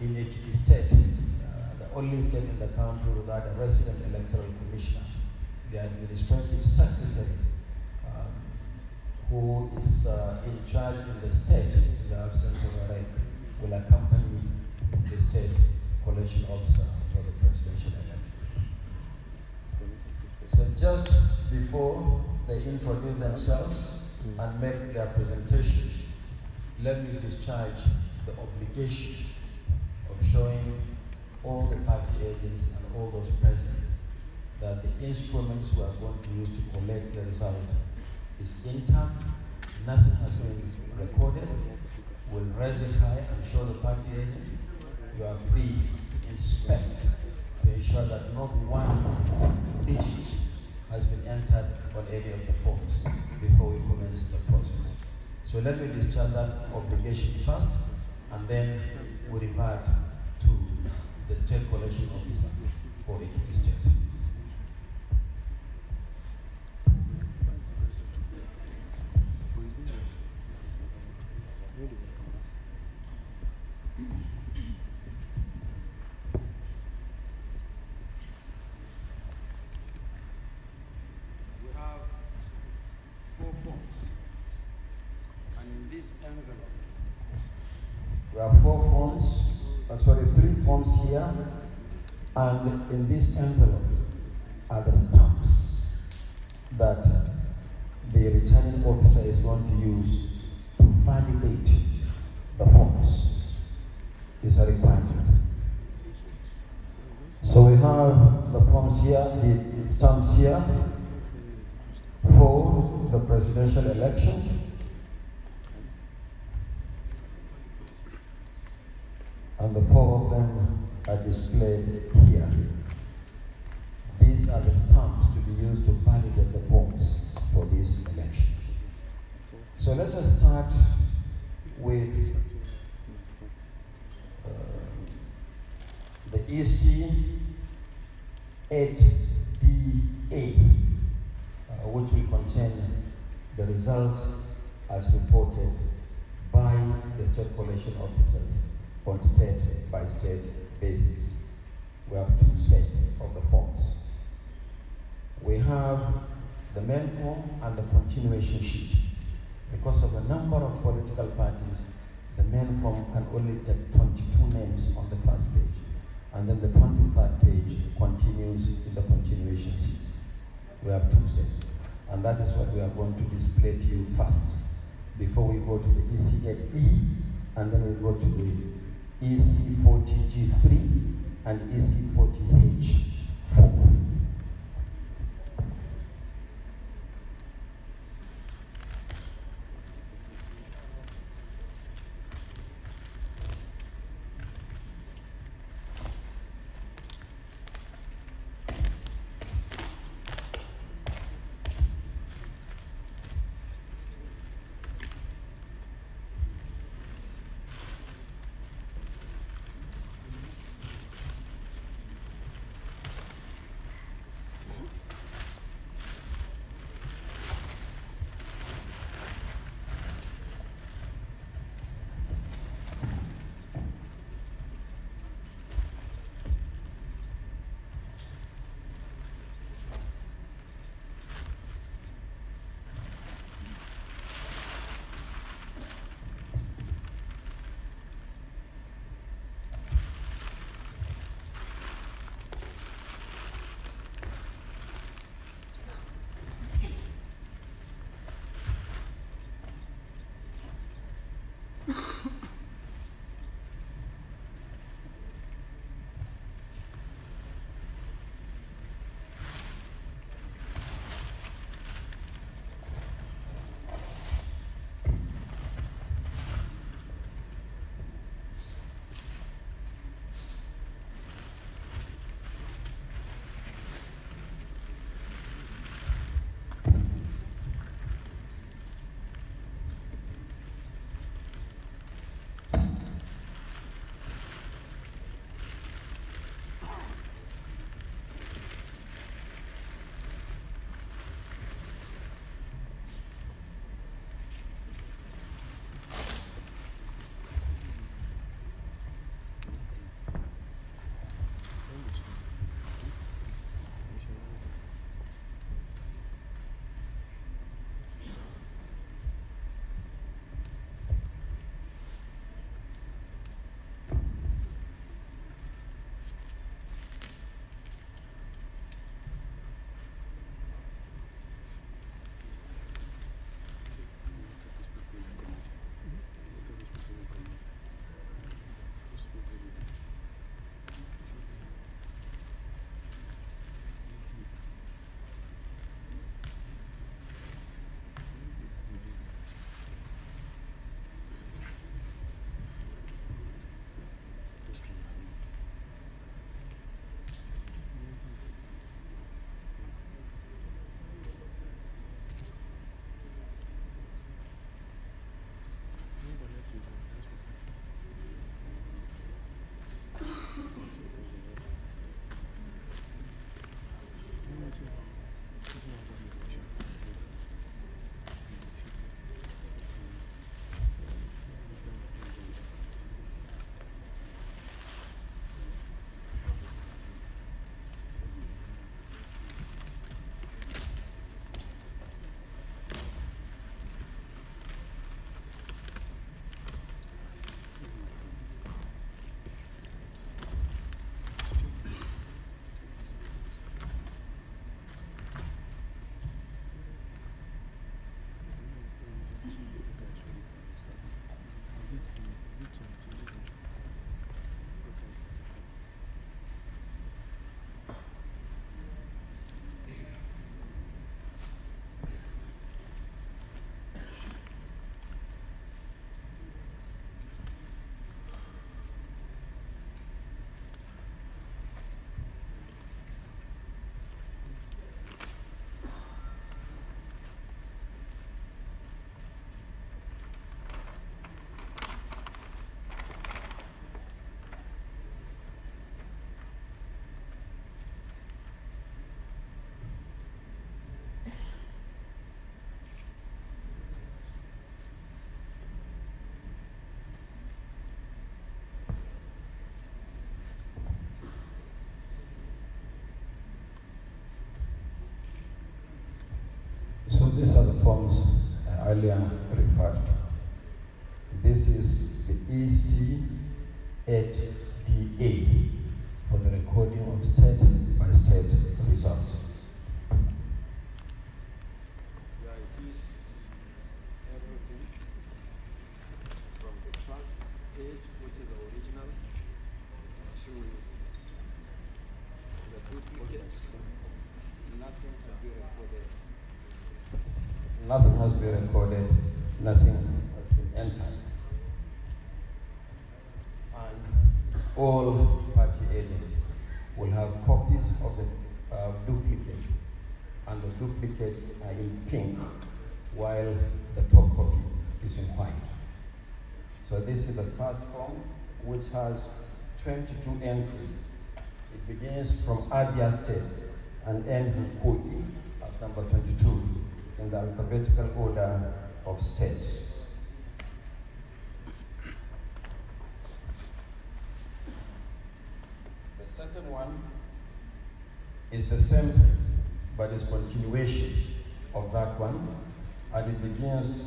in Ekiti State, uh, the only state in the country without a resident electoral commissioner, the administrative secretary um, who is uh, in charge in the state in the absence of a rep will accompany the state collection officer for the presidential election. So just before they introduce themselves and make their presentation, let me discharge the obligation showing all the party agents and all those present that the instruments we are going to use to collect the result is intact, nothing has been recorded, we'll raise it high and show the party agents you are free to inspect to ensure that not one digit has been entered on any of the forms before we commence the process. So let me discharge that obligation first, and then we revert to the state collection officer for each district. We have four forms, and in this envelope, four forms the three forms here, and in this envelope are the stamps that the returning officer is going to use to validate the forms. It's a requirement. So we have the forms here, the stamps here for the presidential election results as reported by the state collection officers on state by state basis. We have two sets of the forms. We have the main form and the continuation sheet. Because of the number of political parties, the main form can only take 22 names on the first page. And then the 23rd page continues in the continuation sheet. We have two sets. And that is what we are going to display to you first before we go to the ECLE and then we go to the EC40G3 and EC40H4. these are the forms I earlier referred to. This is the EC8DA. is the first form, which has 22 entries. It begins from Abia State and ends with Kogi as number 22 in the alphabetical order of states. The second one is the same thing, but it's continuation of that one, and it begins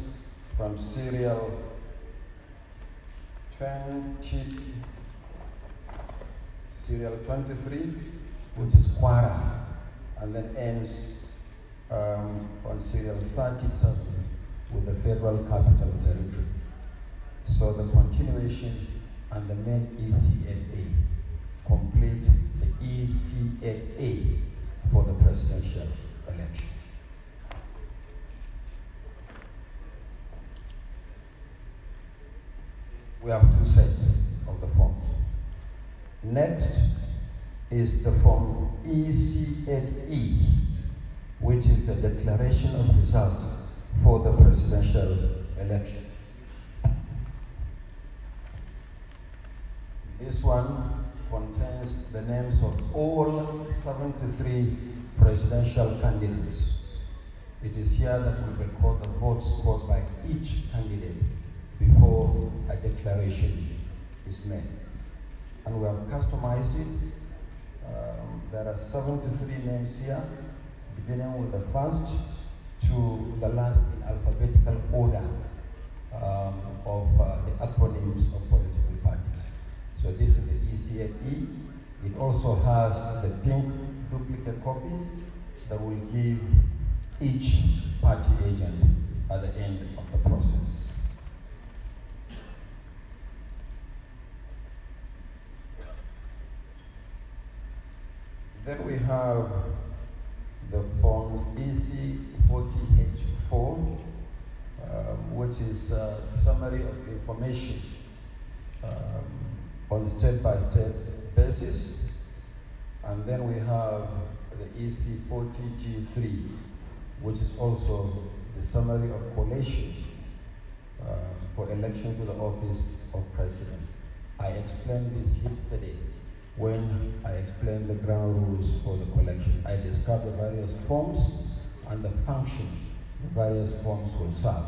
from serial 20, serial 23, which is Quara, and then ends um, on serial 37 with the Federal Capital Territory. So the continuation and the main ECFA complete the ECFA for the presidential election. we have two sets of the forms. Next is the form ECHE, which is the declaration of results for the presidential election. This one contains the names of all 73 presidential candidates. It is here that we record the votes scored by each candidate before a declaration is made. And we have customized it. Um, there are 73 names here, beginning with the first to the last in alphabetical order um, of uh, the acronyms of political parties. So this is the ECFE. It also has the pink duplicate copies that will give each party agent at the end of the process. Then we have the form EC40H4, um, uh, which is a summary of information um, on step-by-step -step basis. And then we have the EC40G3, which is also the summary of collations uh, for election to the office of president. I explained this yesterday when I explained the ground rules for the collection. I described the various forms and the function the various forms will serve.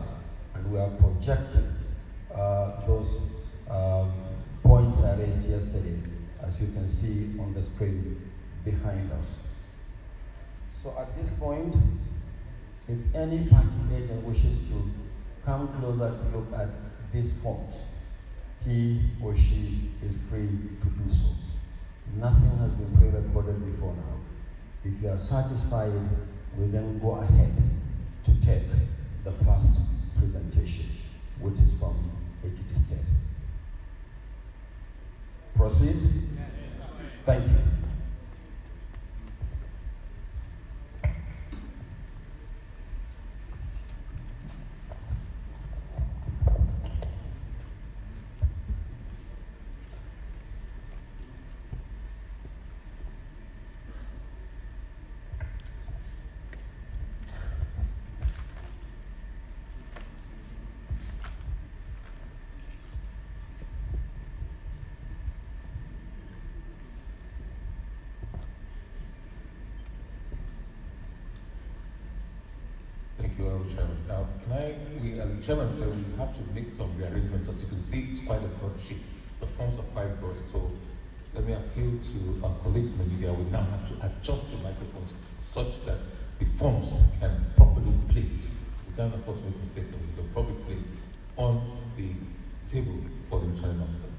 And we have projected uh, those um, points I raised yesterday, as you can see on the screen behind us. So at this point, if any party agent wishes to come closer to look at these forms, he or she is free to do so. Nothing has been pre-recorded before now. If you are satisfied, we then go ahead to take the first presentation, which is from Ekiti State. Proceed? Thank you. your Chairman, Now, can I, as the chairman said, we have to make some rearrangements. As you can see, it's quite a broad sheet. The forms are quite broad. So let me appeal to our colleagues in the media. We now have to adjust the microphones such that the forms can properly placed. We can't, of course, make mistakes, and we can properly placed on the table for the returning officer.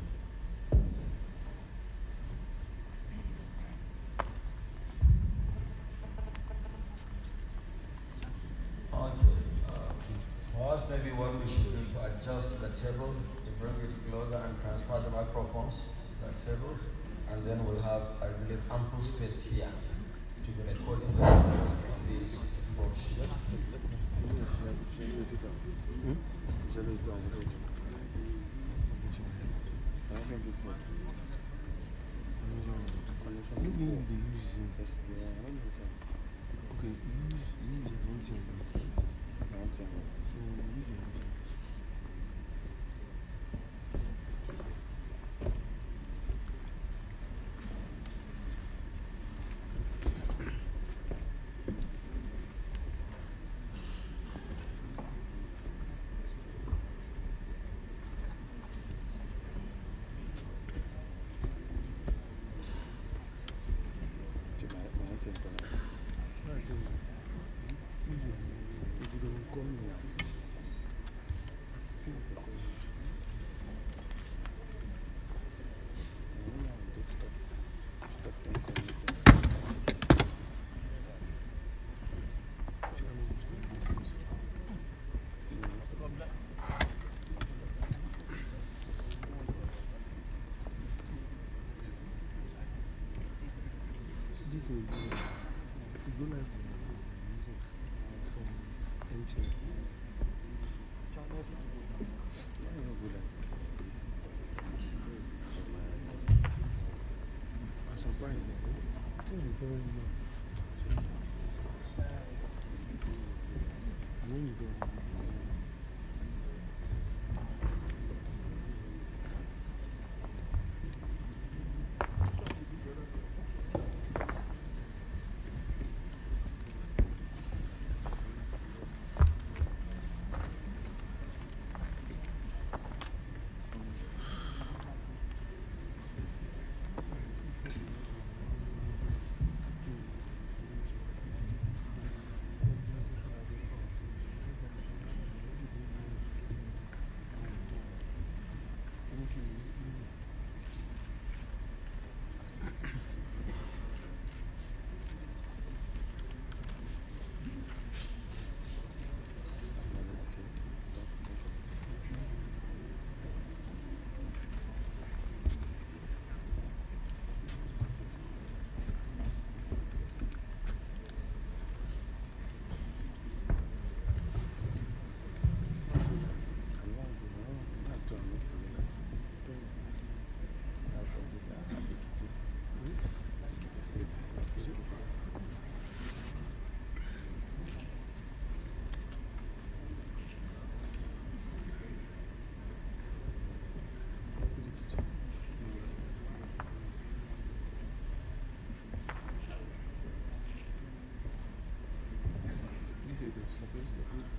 Okay. 对，对对。Thank you.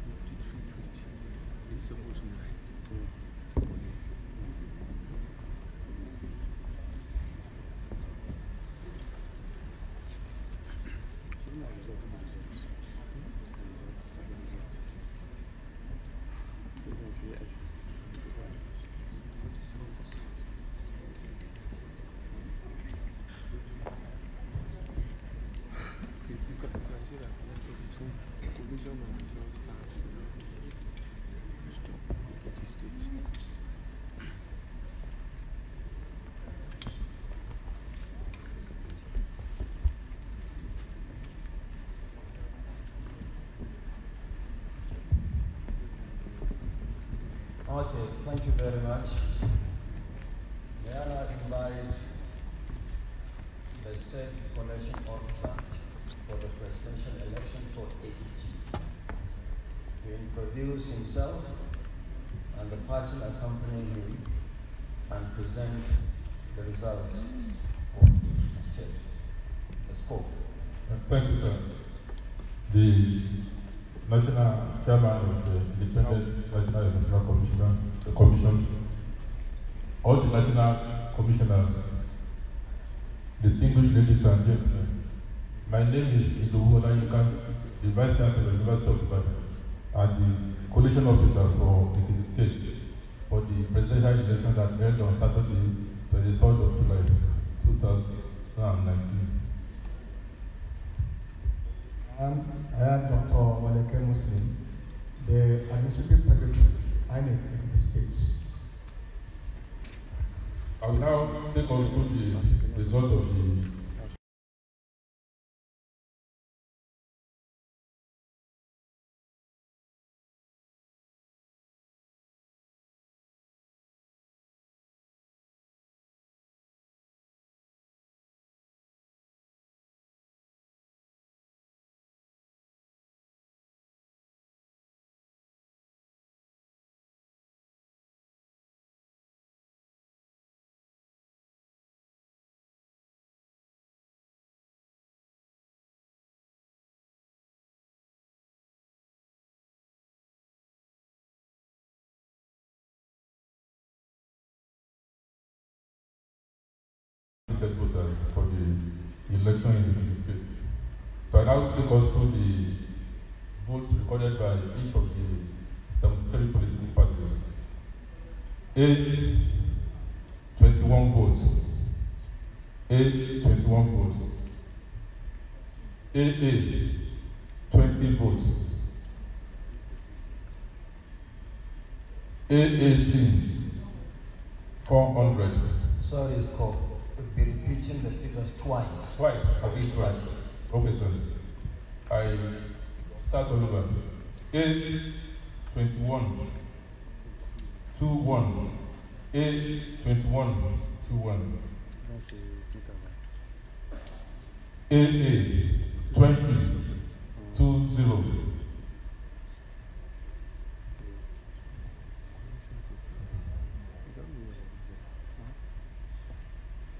Okay, thank you very much. May I invite the State Collection Officer for the presidential election for AEG to introduce himself and the person accompanying him and present the results of the state. The scope. Thank you, sir. The National chairman of the Independent National Electoral Commission, the Commission, all the national commissioners, distinguished ladies and gentlemen, my name is Idowu Olayinka, the Vice Chancellor of the University of Ibadan and the Coalition Officer for Ekiti State for the presidential election that held on Saturday, 23rd of July, 2019. I am, I am Dr. Waleke Muslim. the uh, Administrative Secretary, INEC, in the States. I will now take us through the result of the elected voters for the election in the United States. So I now take us through the votes recorded by each of the 73 political parties. A, 21 votes. A, 21 votes. AA, 20 votes. AAC, 400. Sorry, it's called. would be repeating the figures twice. Twice, at least twice. Okay, sorry. I start all over. A 21, 2, 1. A 21, 2, 1. 8, 8, 20, 2, 0.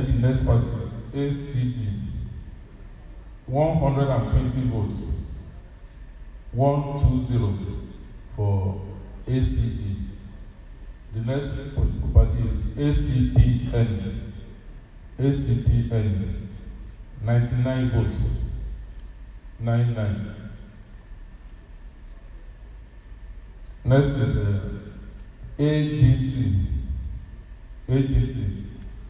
Then the next part is ACG. 120 volts. 120 for ACG. The next part is ACTN. ACTN. 99 volts. 99. Next is uh, ADC. ADC.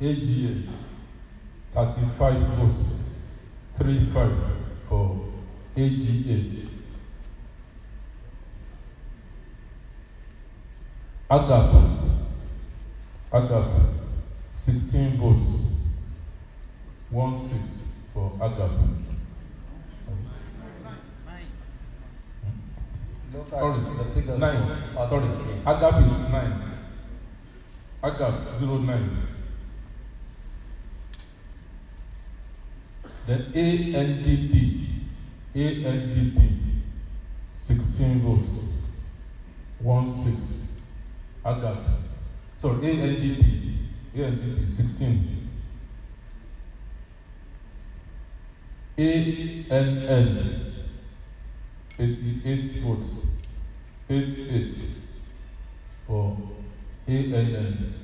AGA, 35 votes, 35 for AGA. AGAP, AGAP, 16 votes, 1 6 for AGAP. sorry, the figures nine. Sorry, AGAP is nine. AGAP zero nine. Then ANDP, ANDP, sixteen votes, 1 6. Agap. Sorry, ANDP, ANDP, 16. ANN, 88 votes, 88 for ANN.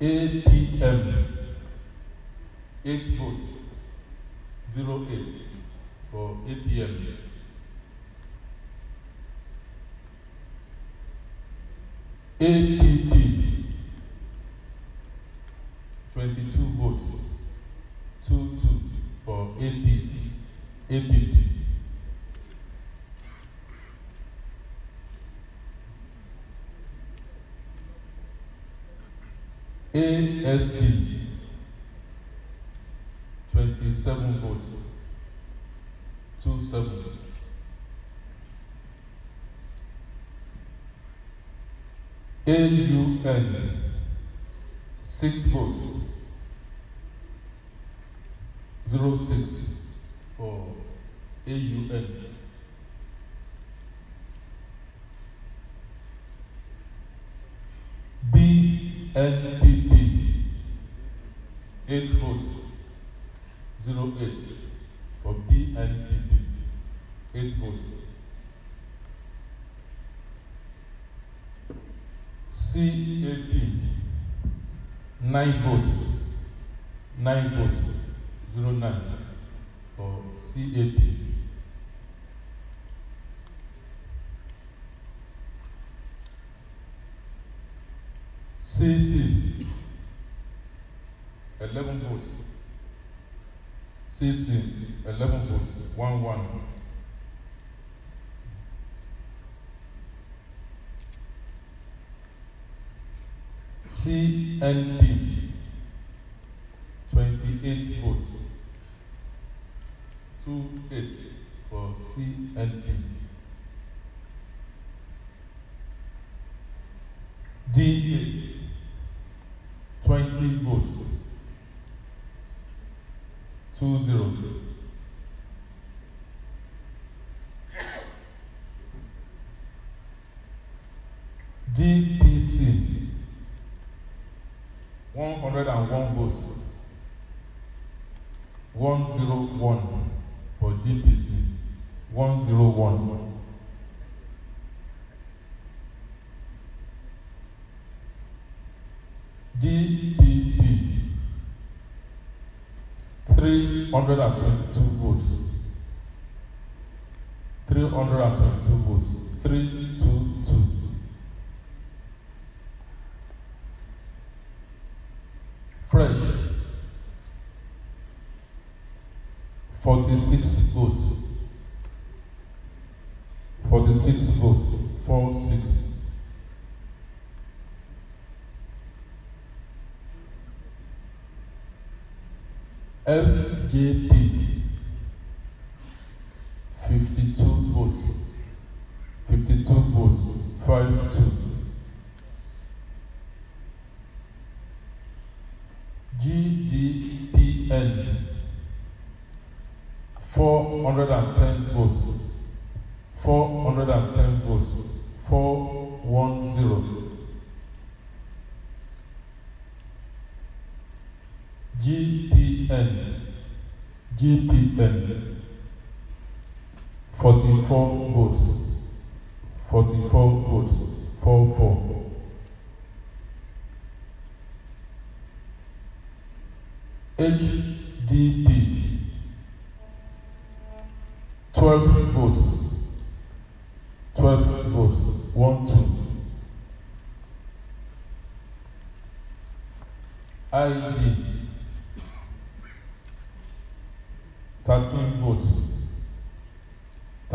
8 p.m. 8 votes, 08 for 8 p.m. APP, 22 votes, 22 for APP. APP. ASD 27 volts 27 AUN 6 votes, 06 for AUN BNP eight votes zero eight for PNPP eight votes. CAP nine votes nine votes zero nine for CAP. CC Eleven votes. CC, Eleven votes. 1 1. CND, eight votes. Two eight for CND. DA, Twenty votes two zero. DPC one hundred and one votes one zero one for DPC one zero one. D three hundred and twenty-two votes. Three hundred and twenty-two votes. Three two two. Fresh. Forty-six votes. Forty-six votes. FGP GPN 44 votes 44 votes 44 HDP 12 votes 12 votes 1 2 ID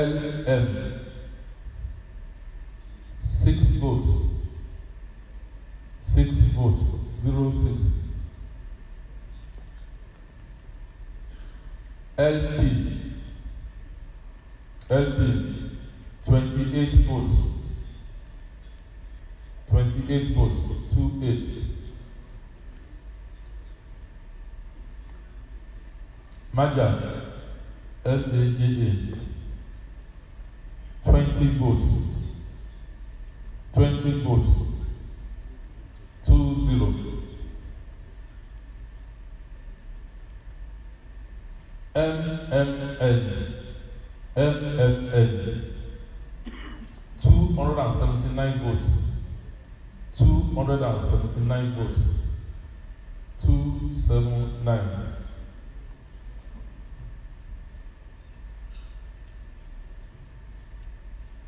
LM. Six votes. Six votes. Zero six. LP. LP. Twenty-eight votes. Twenty-eight votes. Two eight. Maja. F-A-J-A. Twenty votes. Twenty votes. Two 0. MMN. MMN. nine votes. Two hundred and seventy nine votes. Two seven nine.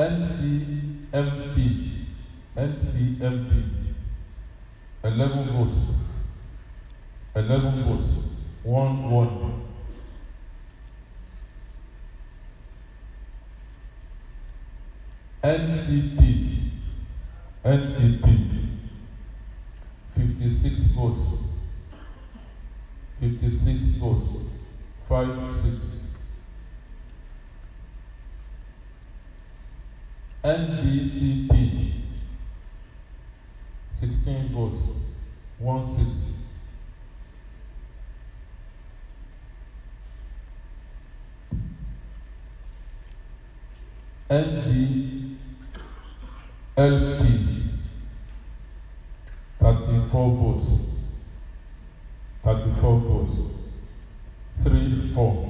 NCMP, NCMP, 11 votes, 11 votes, 1 1. NCP, NCP, 56 votes, 56 votes, 5 6. NDCP sixteen votes one 160. NDLP four votes thirty four votes three four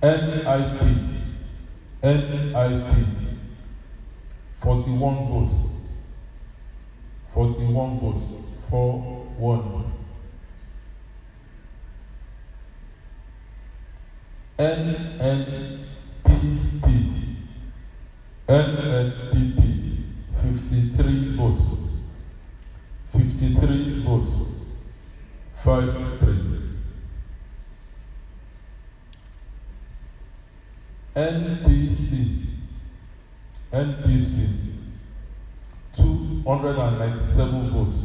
NIP NIP forty one votes forty one votes four one NNPP NNPP fifty three votes fifty three votes five three. NPC NPC two hundred and ninety-seven votes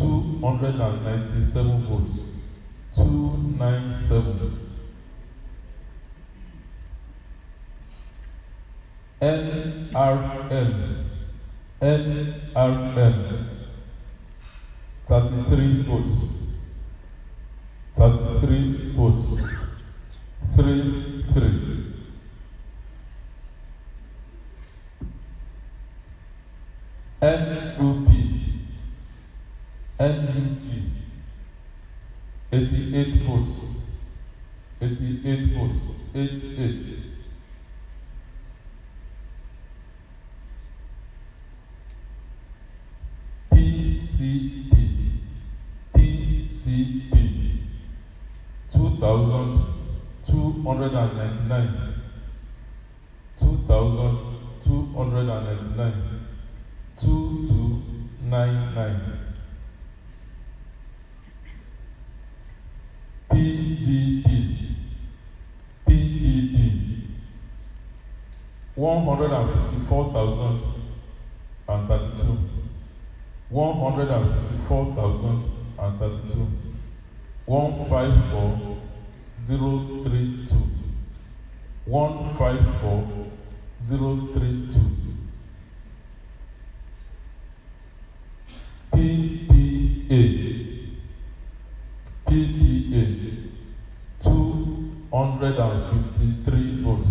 two hundred and ninety-seven votes two nine seven NRM NRM thirty-three votes thirty-three votes three. through. NUP NUP 88 posts 88 posts 88 hundred and ninety-nine two thousand two hundred and ninety-nine two two nine nine PDP PDP one hundred and fifty-four thousand and thirty-two one hundred and fifty-four thousand and thirty-two one five four. Zero zero three three two two one five four 032 154 032 PPA PPA 253 volts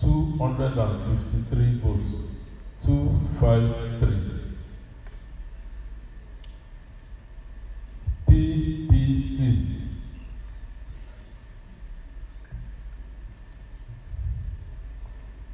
253 volts five.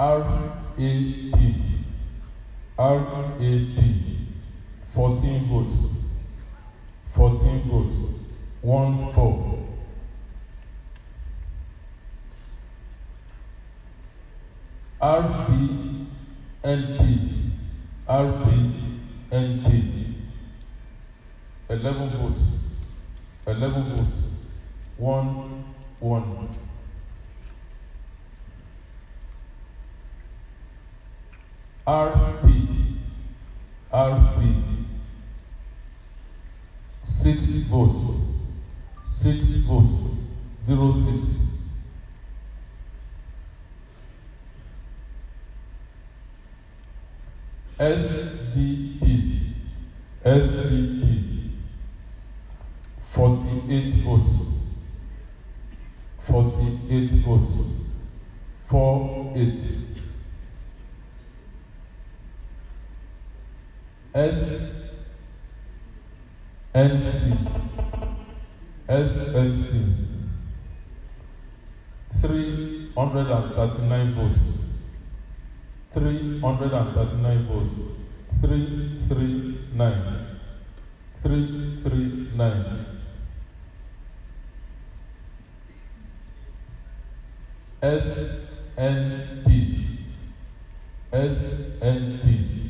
RAP RAP fourteen votes fourteen votes one four. RBNP RBNP eleven votes eleven votes one one. RP RP six votes six votes zero six. SDP SDP forty eight votes forty eight votes four eight. SNC SNC three hundred and thirty-nine votes three hundred and thirty-nine votes three three nine three three nine SNP SNP.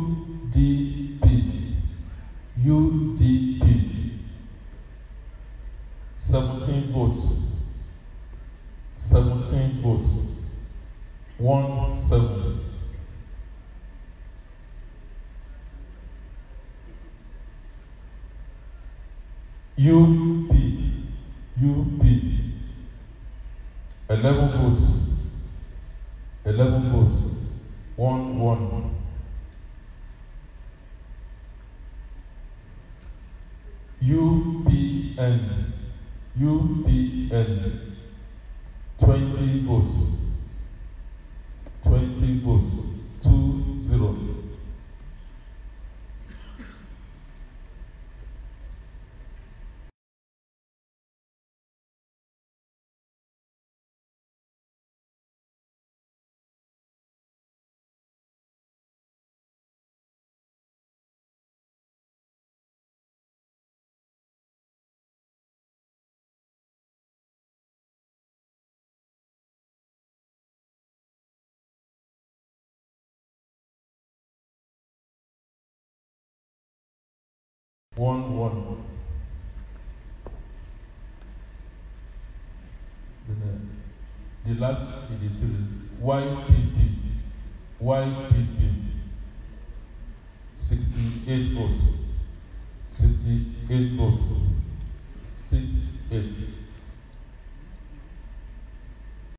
UP, UP, 11 votes, 11 votes, 1 1. UPN, UPN, 20 votes, 20 votes, 2 0. one one. Then, uh, the last in the series, YPP, YPP, 68 votes, 68 votes, 6 8.